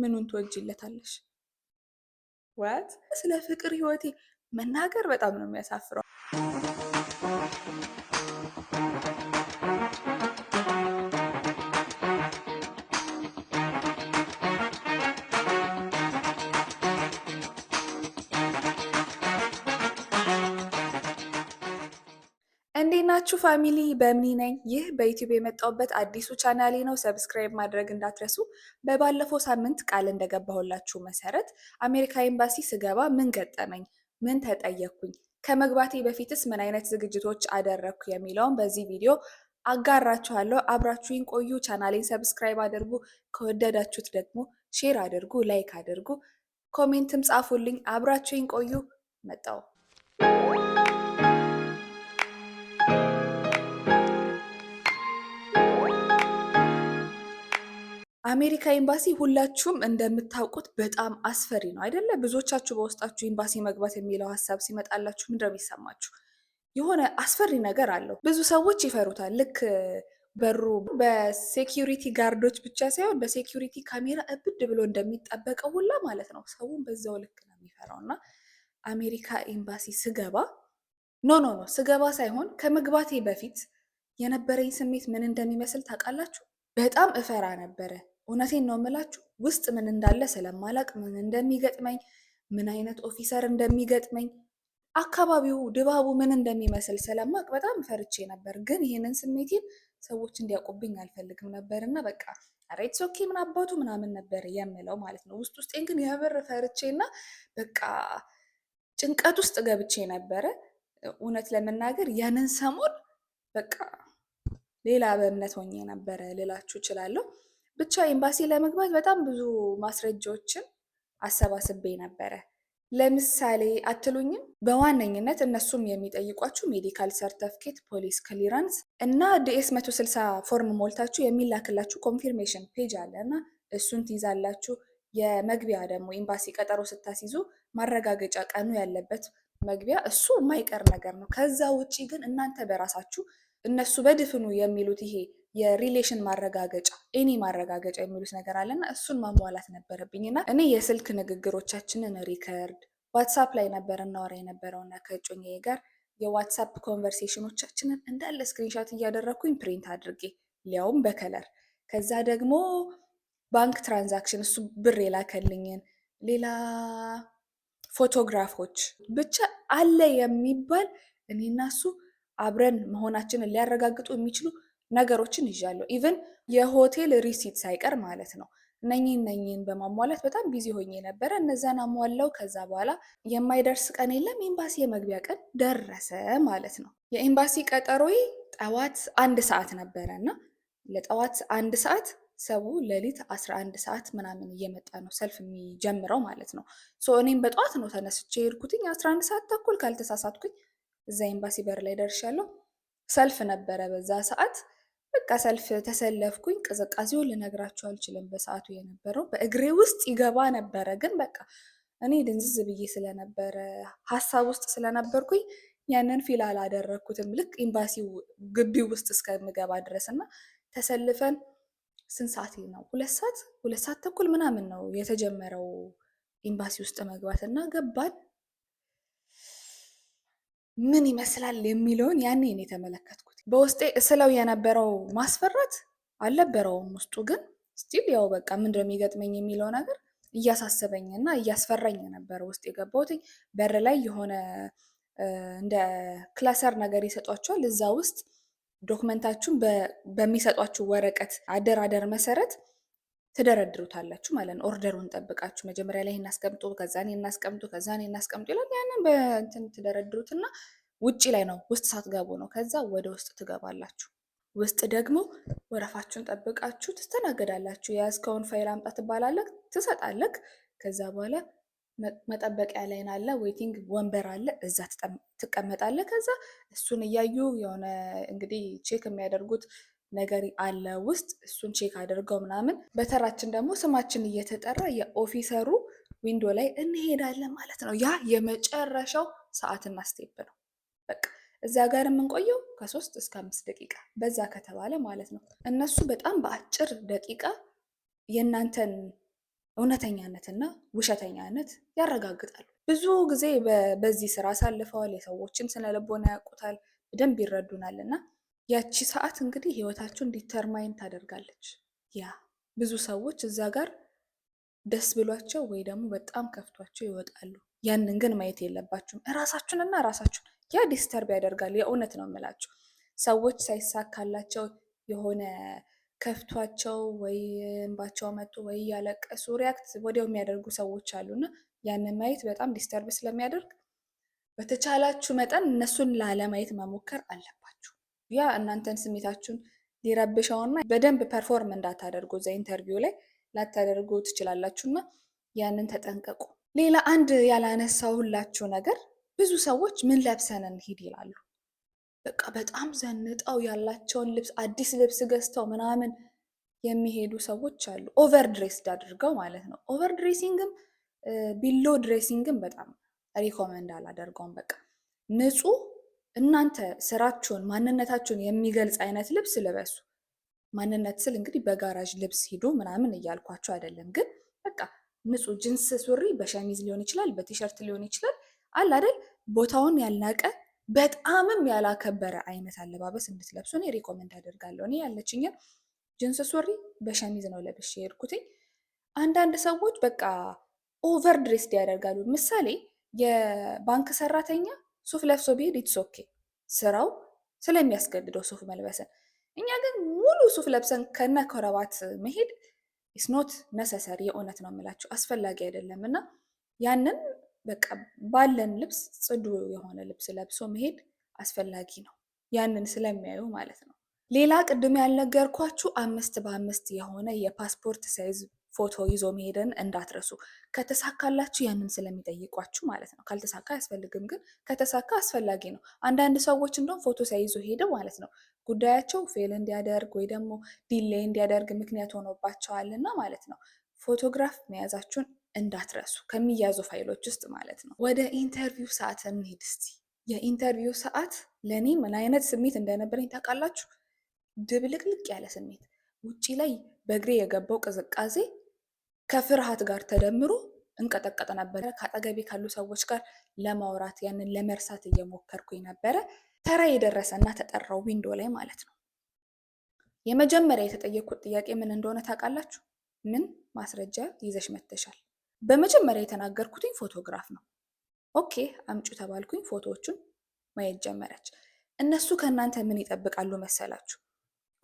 ምኑን ትወጂለታለሽ? ወት ስለ ፍቅር ህይወቴ መናገር በጣም ነው የሚያሳፍረው። ናችሁ ፋሚሊ በምኒ ነኝ። ይህ በዩቲዩብ የመጣሁበት አዲሱ ቻናሌ ነው። ሰብስክራይብ ማድረግ እንዳትረሱ። በባለፈው ሳምንት ቃል እንደገባሁላችሁ መሰረት አሜሪካ ኤምባሲ ስገባ ምን ገጠመኝ፣ ምን ተጠየቅኩኝ፣ ከመግባቴ በፊትስ ምን አይነት ዝግጅቶች አደረግኩ የሚለውን በዚህ ቪዲዮ አጋራችኋለሁ። አብራችሁኝ ቆዩ። ቻናሌን ሰብስክራይብ አድርጉ። ከወደዳችሁት ደግሞ ሼር አድርጉ፣ ላይክ አድርጉ፣ ኮሜንትም ጻፉልኝ። አብራችሁኝ ቆዩ። መጣው አሜሪካ ኤምባሲ ሁላችሁም እንደምታውቁት በጣም አስፈሪ ነው አይደለ? ብዙዎቻችሁ በውስጣችሁ ኤምባሲ መግባት የሚለው ሀሳብ ሲመጣላችሁ ምንድነው የሚሰማችሁ? የሆነ አስፈሪ ነገር አለው። ብዙ ሰዎች ይፈሩታል። ልክ በሩ በሴኪሪቲ ጋርዶች ብቻ ሳይሆን በሴኪሪቲ ካሜራ እብድ ብሎ እንደሚጠበቀው ሁላ ማለት ነው። ሰውን በዛው ልክ ነው የሚፈራው እና አሜሪካ ኤምባሲ ስገባ ኖ ኖ ኖ ስገባ ሳይሆን ከመግባቴ በፊት የነበረኝ ስሜት ምን እንደሚመስል ታውቃላችሁ? በጣም እፈራ ነበረ። እውነቴን ነው የምላችሁ ውስጥ ምን እንዳለ ስለማላቅ ምን እንደሚገጥመኝ ምን አይነት ኦፊሰር እንደሚገጥመኝ አካባቢው ድባቡ ምን እንደሚመስል ስለማቅ በጣም ፈርቼ ነበር። ግን ይህንን ስሜቴን ሰዎች እንዲያውቁብኝ አልፈልግም ነበር እና በቃ ኧረ ኦኬ ምን አባቱ ምናምን ነበር የምለው ማለት ነው። ውስጥ ውስጤን ግን የብር እና በቃ ጭንቀት ውስጥ ገብቼ ነበረ። እውነት ለመናገር ያንን ሰሞን በቃ ሌላ በእምነት ሆኜ ነበረ ልላችሁ እችላለሁ። ብቻ ኤምባሲ ለመግባት በጣም ብዙ ማስረጃዎችን አሰባስቤ ነበረ። ለምሳሌ አትሉኝም? በዋነኝነት እነሱም የሚጠይቋችሁ ሜዲካል ሰርተፍኬት፣ ፖሊስ ክሊራንስ እና ዲኤስ 160 ፎርም ሞልታችሁ የሚላክላችሁ ኮንፊርሜሽን ፔጅ አለ እና እሱን ትይዛላችሁ። የመግቢያ ደግሞ ኤምባሲ ቀጠሮ ስታስይዙ ማረጋገጫ ቀኑ ያለበት መግቢያ፣ እሱ የማይቀር ነገር ነው። ከዛ ውጪ ግን እናንተ በራሳችሁ እነሱ በድፍኑ የሚሉት ይሄ የሪሌሽን ማረጋገጫ ኤኒ ማረጋገጫ የሚሉት ነገር አለና እሱን ማሟላት ነበረብኝ እኔ የስልክ ንግግሮቻችንን ሪከርድ ዋትሳፕ ላይ ነበር እናወራ የነበረውና ከእጮኛዬ ጋር የዋትሳፕ ኮንቨርሴሽኖቻችንን እንዳለ ስክሪንሻት እያደረግኩኝ ፕሪንት አድርጌ ሊያውም በከለር ከዛ ደግሞ ባንክ ትራንዛክሽን እሱ ብር የላከልኝን ሌላ ፎቶግራፎች ብቻ አለ የሚባል እኔና እሱ አብረን መሆናችንን ሊያረጋግጡ የሚችሉ ነገሮችን ይዣለሁ። ኢቨን የሆቴል ሪሲት ሳይቀር ማለት ነው። እነኚህ እነኚህን በማሟላት በጣም ቢዚ ሆኜ ነበረ። እነዛን አሟላው። ከዛ በኋላ የማይደርስ ቀን የለም። ኤምባሲ የመግቢያ ቀን ደረሰ ማለት ነው። የኤምባሲ ቀጠሮዬ ጠዋት አንድ ሰዓት ነበረ እና ለጠዋት አንድ ሰዓት ሰው ሌሊት 11 ሰዓት ምናምን እየመጣ ነው ሰልፍ የሚጀምረው ማለት ነው። እኔም በጠዋት ነው ተነስቼ ሄድኩትኝ 11 ሰዓት ተኩል ካልተሳሳትኩኝ እዛ ኤምባሲ በር ላይ ደርሻለሁ። ሰልፍ ነበረ በዛ ሰዓት በቃ ሰልፍ ተሰለፍኩኝ። ቅዝቃዜው ልነግራችሁ አልችልም በሰዓቱ የነበረው በእግሬ ውስጥ ይገባ ነበረ፣ ግን በቃ እኔ ድንዝዝ ብዬ ስለነበረ ሀሳብ ውስጥ ስለነበርኩኝ ያንን ፊል አላደረግኩትም። ልክ ኤምባሲ ግቢ ውስጥ እስከምገባ ድረስ እና ተሰልፈን ስንት ሰዓት ነው? ሁለት ሰዓት ሁለት ሰዓት ተኩል ምናምን ነው የተጀመረው ኤምባሲ ውስጥ መግባት እና ገባን። ምን ይመስላል የሚለውን ያኔ ነው የተመለከትኩት። በውስጤ ስለው የነበረው ማስፈራት አልነበረውም። ውስጡ ግን ስቲል ያው በቃ ምንድነው የሚገጥመኝ የሚለው ነገር እያሳሰበኝ እና እያስፈራኝ ነበር ውስጥ የገባሁትኝ። በር ላይ የሆነ እንደ ክላሰር ነገር ይሰጧቸዋል። እዛ ውስጥ ዶክመንታችሁን በሚሰጧችሁ ወረቀት አደራደር መሰረት ትደረድሩታላችሁ ማለት ነው። ኦርደሩን ጠብቃችሁ መጀመሪያ ላይ እናስቀምጡ፣ ከዛ እናስቀምጡ፣ ከዛ እናስቀምጡ ይላል። ያንን በእንትን ትደረድሩትና ውጭ ላይ ነው፣ ውስጥ ሳትገቡ ነው። ከዛ ወደ ውስጥ ትገባላችሁ። ውስጥ ደግሞ ወረፋችሁን ጠብቃችሁ ትስተናገዳላችሁ። የያዝከውን ፋይል አምጣ ትባላለህ፣ ትሰጣለህ። ከዛ በኋላ መጠበቂያ ላይን አለ፣ ዌይቲንግ ወንበር አለ፣ እዛ ትቀመጣለህ። ከዛ እሱን እያዩ የሆነ እንግዲህ ቼክ የሚያደርጉት ነገር አለ ውስጥ እሱን ቼክ አድርገው ምናምን። በተራችን ደግሞ ስማችን እየተጠራ የኦፊሰሩ ዊንዶ ላይ እንሄዳለን ማለት ነው። ያ የመጨረሻው ሰዓትና ስቴፕ ነው። በቃ እዛ ጋር የምንቆየው ከሶስት እስከ አምስት ደቂቃ በዛ ከተባለ ማለት ነው። እነሱ በጣም በአጭር ደቂቃ የእናንተን እውነተኛነትና ውሸተኛነት ያረጋግጣሉ። ብዙ ጊዜ በዚህ ስራ አሳልፈዋል። የሰዎችን ስነልቦና ያውቁታል፣ በደንብ ይረዱናል። እና ያቺ ሰዓት እንግዲህ ህይወታቸውን ዲተርማይን ታደርጋለች። ያ ብዙ ሰዎች እዛ ጋር ደስ ብሏቸው ወይ ደግሞ በጣም ከፍቷቸው ይወጣሉ። ያንን ግን ማየት የለባችሁም። እራሳችሁንና እራሳችሁን ያ ዲስተርብ ያደርጋል። የእውነት ነው የምላችሁ ሰዎች ሳይሳካላቸው የሆነ ከፍቷቸው ወይ እንባቸው መጡ ወይ እያለቀሱ ሪያክት ወዲያው የሚያደርጉ ሰዎች አሉና ያንን ማየት በጣም ዲስተርብ ስለሚያደርግ በተቻላችሁ መጠን እነሱን ላለማየት መሞከር አለባችሁ። ያ እናንተን ስሜታችሁን ሊረብሸውና በደንብ ፐርፎርም እንዳታደርጉ እዛ ኢንተርቪው ላይ ላታደርጉ ትችላላችሁና ያንን ተጠንቀቁ። ሌላ አንድ ያላነሳሁላችሁ ነገር ብዙ ሰዎች ምን ለብሰን እንሂድ ይላሉ። በቃ በጣም ዘንጠው ያላቸውን ልብስ አዲስ ልብስ ገዝተው ምናምን የሚሄዱ ሰዎች አሉ። ኦቨር ድሬስድ አድርገው ማለት ነው። ኦቨር ድሬሲንግም ቢሎ ድሬሲንግም በጣም ሪኮመንድ አላደርገውም። በቃ ንጹህ እናንተ ስራችሁን ማንነታችሁን የሚገልጽ አይነት ልብስ ልበሱ። ማንነት ስል እንግዲህ በጋራዥ ልብስ ሂዱ ምናምን እያልኳቸው አይደለም፣ ግን በቃ ንጹህ ጅንስ ሱሪ በሸሚዝ ሊሆን ይችላል፣ በቲሸርት ሊሆን ይችላል። አለ አይደል ቦታውን ያልናቀ በጣምም ያላከበረ አይነት አለባበስ እንድትለብሱ እኔ ሪኮመንድ አደርጋለሁ። እኔ ያለችኝን ጅንስ ሱሪ በሸሚዝ ነው ለብሼ የሄድኩትኝ። አንዳንድ ሰዎች በቃ ኦቨር ድሬስድ ያደርጋሉ። ምሳሌ የባንክ ሰራተኛ ሱፍ ለብሶ ቢሄድ ኢትስ ኦኬ፣ ስራው ስለሚያስገድደው ሱፍ መልበስን። እኛ ግን ሙሉ ሱፍ ለብሰን ከነ ከረባት መሄድ ኖት ነሰሰሪ የእውነት ነው የምላችሁ አስፈላጊ አይደለም። እና ያንን በቃ ባለን ልብስ ጽዱ የሆነ ልብስ ለብሶ መሄድ አስፈላጊ ነው፣ ያንን ስለሚያዩ ማለት ነው። ሌላ ቅድም ያልነገርኳችሁ አምስት በአምስት የሆነ የፓስፖርት ሳይዝ ፎቶ ይዞ መሄድን እንዳትረሱ። ከተሳካላችሁ ያንን ስለሚጠይቋችሁ ማለት ነው። ካልተሳካ አያስፈልግም፣ ግን ከተሳካ አስፈላጊ ነው። አንዳንድ ሰዎች እንደውም ፎቶ ሳይይዙ ሄደ ማለት ነው ጉዳያቸው ፌል እንዲያደርግ ወይ ደግሞ ዲሌይ እንዲያደርግ ምክንያት ሆኖባቸዋልና ማለት ነው። ፎቶግራፍ መያዛችሁን እንዳትረሱ ከሚያዙ ፋይሎች ውስጥ ማለት ነው። ወደ ኢንተርቪው ሰዓት እንሂድ እስቲ። የኢንተርቪው ሰዓት ለእኔ ምን አይነት ስሜት እንደነበረኝ ታውቃላችሁ? ድብልቅልቅ ያለ ስሜት ውጪ ላይ በእግሬ የገባው ቅዝቃዜ ከፍርሃት ጋር ተደምሮ እንቀጠቀጥ ነበረ። ከአጠገቤ ካሉ ሰዎች ጋር ለማውራት ያንን ለመርሳት እየሞከርኩኝ ነበረ። ተራ የደረሰ እና ተጠራው ዊንዶ ላይ ማለት ነው። የመጀመሪያ የተጠየቅኩት ጥያቄ ምን እንደሆነ ታውቃላችሁ? ምን ማስረጃ ይዘሽ መተሻል? በመጀመሪያ የተናገርኩትኝ ፎቶግራፍ ነው። ኦኬ አምጩ ተባልኩኝ። ፎቶዎቹን ማየት ጀመረች። እነሱ ከእናንተ ምን ይጠብቃሉ መሰላችሁ?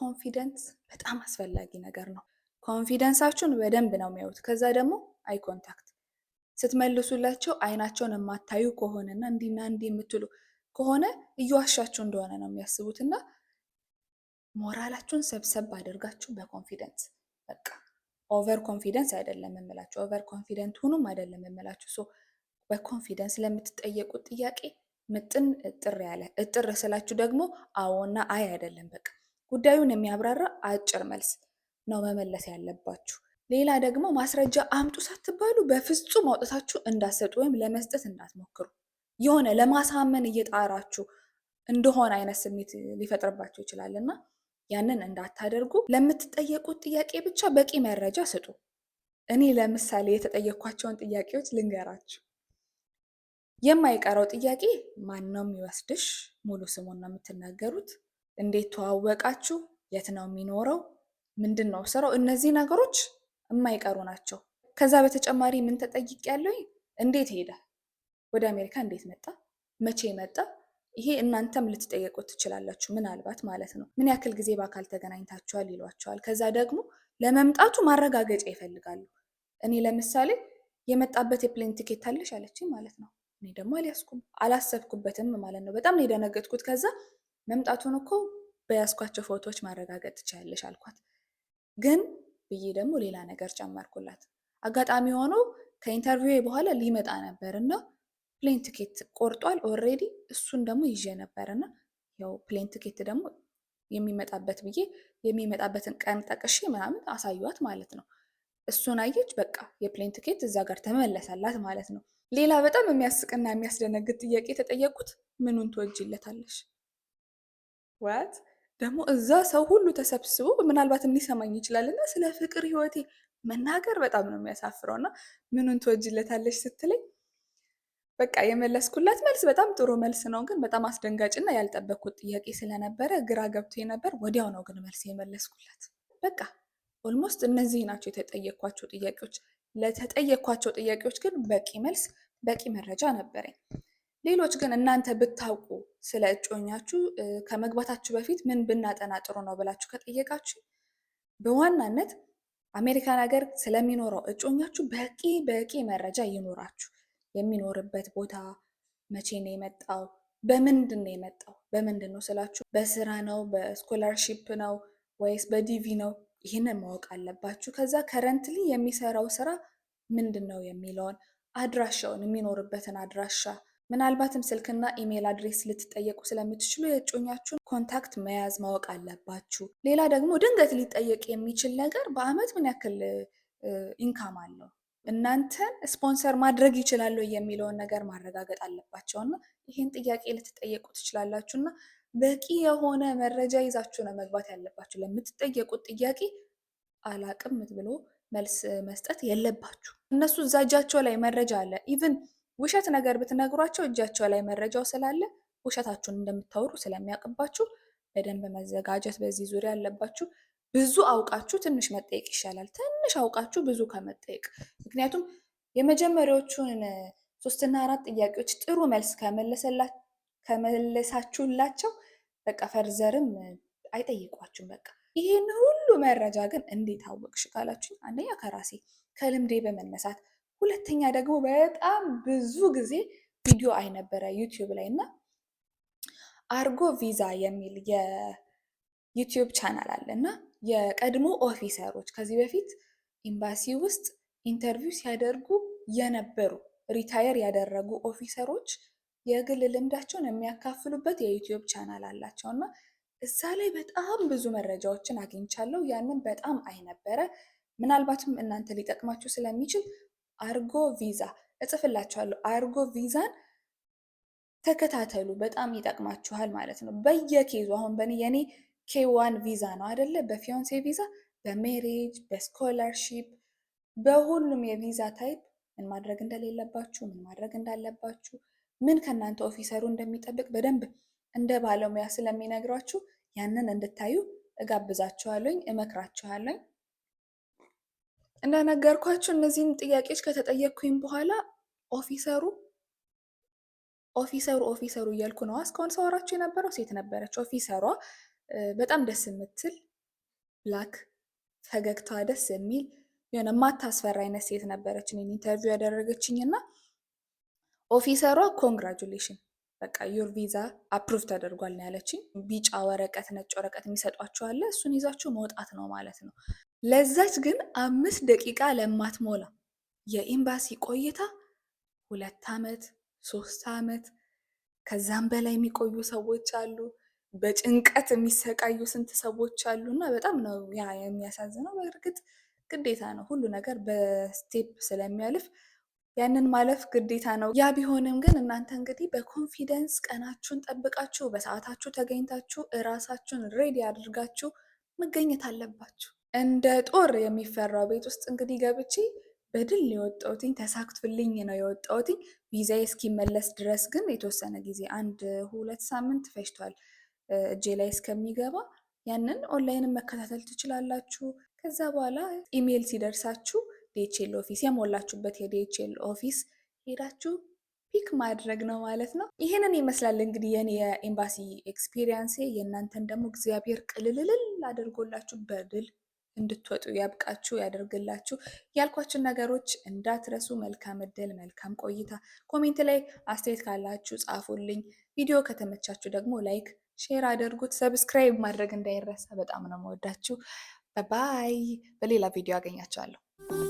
ኮንፊደንስ በጣም አስፈላጊ ነገር ነው። ኮንፊደንሳችሁን በደንብ ነው የሚያዩት። ከዛ ደግሞ አይ ኮንታክት ስትመልሱላቸው አይናቸውን የማታዩ ከሆነና እንዲና እንዲ የምትሉ ከሆነ እየዋሻችሁ እንደሆነ ነው የሚያስቡት እና ሞራላችሁን ሰብሰብ አድርጋችሁ በኮንፊደንስ በቃ ኦቨር ኮንፊደንስ አይደለም የምላችሁ፣ ኦቨር ኮንፊደንት ሁኑም አይደለም የምላችሁ። ሶ በኮንፊደንስ ለምትጠየቁት ጥያቄ ምጥን እጥር ያለ እጥር ስላችሁ ደግሞ አዎና አይ አይደለም፣ በቃ ጉዳዩን የሚያብራራ አጭር መልስ ነው መመለስ ያለባችሁ። ሌላ ደግሞ ማስረጃ አምጡ ሳትባሉ በፍጹም አውጥታችሁ እንዳትሰጡ ወይም ለመስጠት እንዳትሞክሩ። የሆነ ለማሳመን እየጣራችሁ እንደሆነ አይነት ስሜት ሊፈጥርባቸው ይችላል እና ያንን እንዳታደርጉ። ለምትጠየቁት ጥያቄ ብቻ በቂ መረጃ ስጡ። እኔ ለምሳሌ የተጠየኳቸውን ጥያቄዎች ልንገራችሁ። የማይቀረው ጥያቄ ማን ነው የሚወስድሽ? ሙሉ ስሙን ነው የምትናገሩት። እንዴት ተዋወቃችሁ? የት ነው የሚኖረው? ምንድን ነው ስራው? እነዚህ ነገሮች የማይቀሩ ናቸው። ከዛ በተጨማሪ ምን ተጠይቅ ያለኝ፣ እንዴት ሄደ፣ ወደ አሜሪካ እንዴት መጣ፣ መቼ መጣ? ይሄ እናንተም ልትጠየቁት ትችላላችሁ፣ ምናልባት ማለት ነው። ምን ያክል ጊዜ በአካል ተገናኝታችኋል ይሏቸዋል። ከዛ ደግሞ ለመምጣቱ ማረጋገጫ ይፈልጋሉ። እኔ ለምሳሌ የመጣበት የፕሌን ቲኬት አለሽ አለችኝ ማለት ነው። እኔ ደግሞ አልያዝኩም አላሰብኩበትም ማለት ነው። በጣም ነው የደነገጥኩት። ከዛ መምጣቱን እኮ በያዝኳቸው ፎቶዎች ማረጋገጥ ትችላለሽ አልኳት። ግን ብዬ ደግሞ ሌላ ነገር ጨመርኩላት። አጋጣሚ ሆኖ ከኢንተርቪው በኋላ ሊመጣ ነበር እና ፕሌን ትኬት ቆርጧል ኦልሬዲ። እሱን ደግሞ ይዤ ነበር እና ያው ፕሌን ትኬት ደግሞ የሚመጣበት ብዬ የሚመጣበትን ቀን ጠቅሼ ምናምን አሳዩት ማለት ነው። እሱን አየች፣ በቃ የፕሌን ትኬት እዛ ጋር ተመለሰላት ማለት ነው። ሌላ በጣም የሚያስቅና የሚያስደነግጥ ጥያቄ የተጠየቁት ምኑን ትወጅለታለሽ ወት ደግሞ እዛ ሰው ሁሉ ተሰብስቦ ምናልባትም ሊሰማኝ ይችላል እና ስለ ፍቅር ህይወቴ መናገር በጣም ነው የሚያሳፍረው። እና ምኑን ትወጅለታለች ስትለኝ በቃ የመለስኩላት መልስ በጣም ጥሩ መልስ ነው፣ ግን በጣም አስደንጋጭና ያልጠበቅኩት ጥያቄ ስለነበረ ግራ ገብቶ ነበር። ወዲያው ነው ግን መልስ የመለስኩላት። በቃ ኦልሞስት እነዚህ ናቸው የተጠየኳቸው ጥያቄዎች። ለተጠየኳቸው ጥያቄዎች ግን በቂ መልስ፣ በቂ መረጃ ነበረኝ። ሌሎች ግን እናንተ ብታውቁ ስለ እጮኛችሁ ከመግባታችሁ በፊት ምን ብናጠና ጥሩ ነው ብላችሁ ከጠየቃችሁ በዋናነት አሜሪካን ሀገር ስለሚኖረው እጮኛችሁ በቂ በቂ መረጃ ይኖራችሁ። የሚኖርበት ቦታ፣ መቼ ነው የመጣው፣ በምንድን ነው የመጣው። በምንድን ነው ስላችሁ በስራ ነው፣ በስኮላርሺፕ ነው ወይስ በዲቪ ነው? ይህንን ማወቅ አለባችሁ። ከዛ ከረንትሊ የሚሰራው ስራ ምንድን ነው የሚለውን አድራሻውን፣ የሚኖርበትን አድራሻ ምናልባትም ስልክና ኢሜይል አድሬስ ልትጠየቁ ስለምትችሉ የእጮኛችሁን ኮንታክት መያዝ ማወቅ አለባችሁ። ሌላ ደግሞ ድንገት ሊጠየቅ የሚችል ነገር በአመት ምን ያክል ኢንካም አለው፣ እናንተን ስፖንሰር ማድረግ ይችላሉ የሚለውን ነገር ማረጋገጥ አለባቸው እና ይህን ጥያቄ ልትጠየቁ ትችላላችሁ እና በቂ የሆነ መረጃ ይዛችሁ ነው መግባት ያለባችሁ። ለምትጠየቁት ጥያቄ አላቅም ብሎ መልስ መስጠት የለባችሁ። እነሱ እዛ እጃቸው ላይ መረጃ አለ ኢቭን ውሸት ነገር ብትነግሯቸው እጃቸው ላይ መረጃው ስላለ ውሸታችሁን እንደምታወሩ ስለሚያውቅባችሁ በደንብ መዘጋጀት በዚህ ዙሪያ አለባችሁ። ብዙ አውቃችሁ ትንሽ መጠየቅ ይሻላል፣ ትንሽ አውቃችሁ ብዙ ከመጠየቅ። ምክንያቱም የመጀመሪያዎቹን ሶስትና አራት ጥያቄዎች ጥሩ መልስ ከመለሳችሁላቸው በቃ ፈርዘርም አይጠይቋችሁም። በቃ ይህን ሁሉ መረጃ ግን እንዴት አወቅሽ ካላችሁ፣ አንደኛ ከራሴ ከልምዴ በመነሳት ሁለተኛ ደግሞ በጣም ብዙ ጊዜ ቪዲዮ አይነበረ ዩቲዩብ ላይ እና አርጎ ቪዛ የሚል የዩቲዩብ ቻናል አለ እና የቀድሞ ኦፊሰሮች ከዚህ በፊት ኤምባሲ ውስጥ ኢንተርቪው ሲያደርጉ የነበሩ ሪታየር ያደረጉ ኦፊሰሮች የግል ልምዳቸውን የሚያካፍሉበት የዩቲዩብ ቻናል አላቸው እና እዛ ላይ በጣም ብዙ መረጃዎችን አግኝቻለሁ። ያንን በጣም አይነበረ ምናልባትም እናንተ ሊጠቅማችሁ ስለሚችል አርጎ ቪዛ እጽፍላችኋለሁ። አርጎ ቪዛን ተከታተሉ፣ በጣም ይጠቅማችኋል ማለት ነው። በየኬዙ አሁን በኔ የኔ ኬዋን ቪዛ ነው አደለ? በፊዮንሴ ቪዛ፣ በሜሬጅ በስኮላርሺፕ፣ በሁሉም የቪዛ ታይፕ ምን ማድረግ እንደሌለባችሁ፣ ምን ማድረግ እንዳለባችሁ፣ ምን ከእናንተ ኦፊሰሩ እንደሚጠብቅ በደንብ እንደ ባለሙያ ስለሚነግሯችሁ ያንን እንድታዩ እጋብዛችኋለኝ፣ እመክራችኋለኝ። እንደነገርኳቸው እነዚህን ጥያቄዎች ከተጠየቅኩኝ በኋላ ኦፊሰሩ ኦፊሰሩ ኦፊሰሩ እያልኩ ነዋ እስካሁን ሳወራቸው የነበረው ሴት ነበረች። ኦፊሰሯ በጣም ደስ የምትል ብላክ፣ ፈገግታ ደስ የሚል የሆነ ማታስፈራ አይነት ሴት ነበረች እኔን ኢንተርቪው ያደረገችኝ እና ኦፊሰሯ ኮንግራጁሌሽን በቃ ዩር ቪዛ አፕሩቭ ተደርጓል ነው ያለችኝ። ቢጫ ወረቀት ነጭ ወረቀት የሚሰጧቸው አለ። እሱን ይዛቸው መውጣት ነው ማለት ነው። ለዛች ግን አምስት ደቂቃ ለማትሞላ የኤምባሲ ቆይታ ሁለት ዓመት ሶስት ዓመት ከዛም በላይ የሚቆዩ ሰዎች አሉ። በጭንቀት የሚሰቃዩ ስንት ሰዎች አሉ። እና በጣም ነው ያ የሚያሳዝነው። በእርግጥ ግዴታ ነው፣ ሁሉ ነገር በስቴፕ ስለሚያልፍ ያንን ማለፍ ግዴታ ነው። ያ ቢሆንም ግን እናንተ እንግዲህ በኮንፊደንስ ቀናችሁን ጠብቃችሁ በሰዓታችሁ ተገኝታችሁ እራሳችሁን ሬዲ አድርጋችሁ መገኘት አለባችሁ። እንደ ጦር የሚፈራው ቤት ውስጥ እንግዲህ ገብቼ በድል የወጣሁትኝ ተሳክቶልኝ ነው የወጣሁትኝ። ቪዛዬ እስኪመለስ ድረስ ግን የተወሰነ ጊዜ አንድ ሁለት ሳምንት ፈጅቷል እጄ ላይ እስከሚገባ። ያንን ኦንላይንን መከታተል ትችላላችሁ። ከዛ በኋላ ኢሜይል ሲደርሳችሁ ዲኤችኤል ኦፊስ የሞላችሁበት የዲኤችኤል ኦፊስ ሄዳችሁ ፒክ ማድረግ ነው ማለት ነው። ይህንን ይመስላል እንግዲህ የኔ የኤምባሲ ኤክስፒሪየንሴ። የእናንተን ደግሞ እግዚአብሔር ቅልልልል አድርጎላችሁ በድል እንድትወጡ ያብቃችሁ ያደርግላችሁ። ያልኳችን ነገሮች እንዳትረሱ። መልካም እድል፣ መልካም ቆይታ። ኮሜንት ላይ አስተያየት ካላችሁ ጻፉልኝ። ቪዲዮ ከተመቻችሁ ደግሞ ላይክ፣ ሼር አድርጉት። ሰብስክራይብ ማድረግ እንዳይረሳ። በጣም ነው መወዳችሁ። ባይ በሌላ ቪዲዮ አገኛችኋለሁ።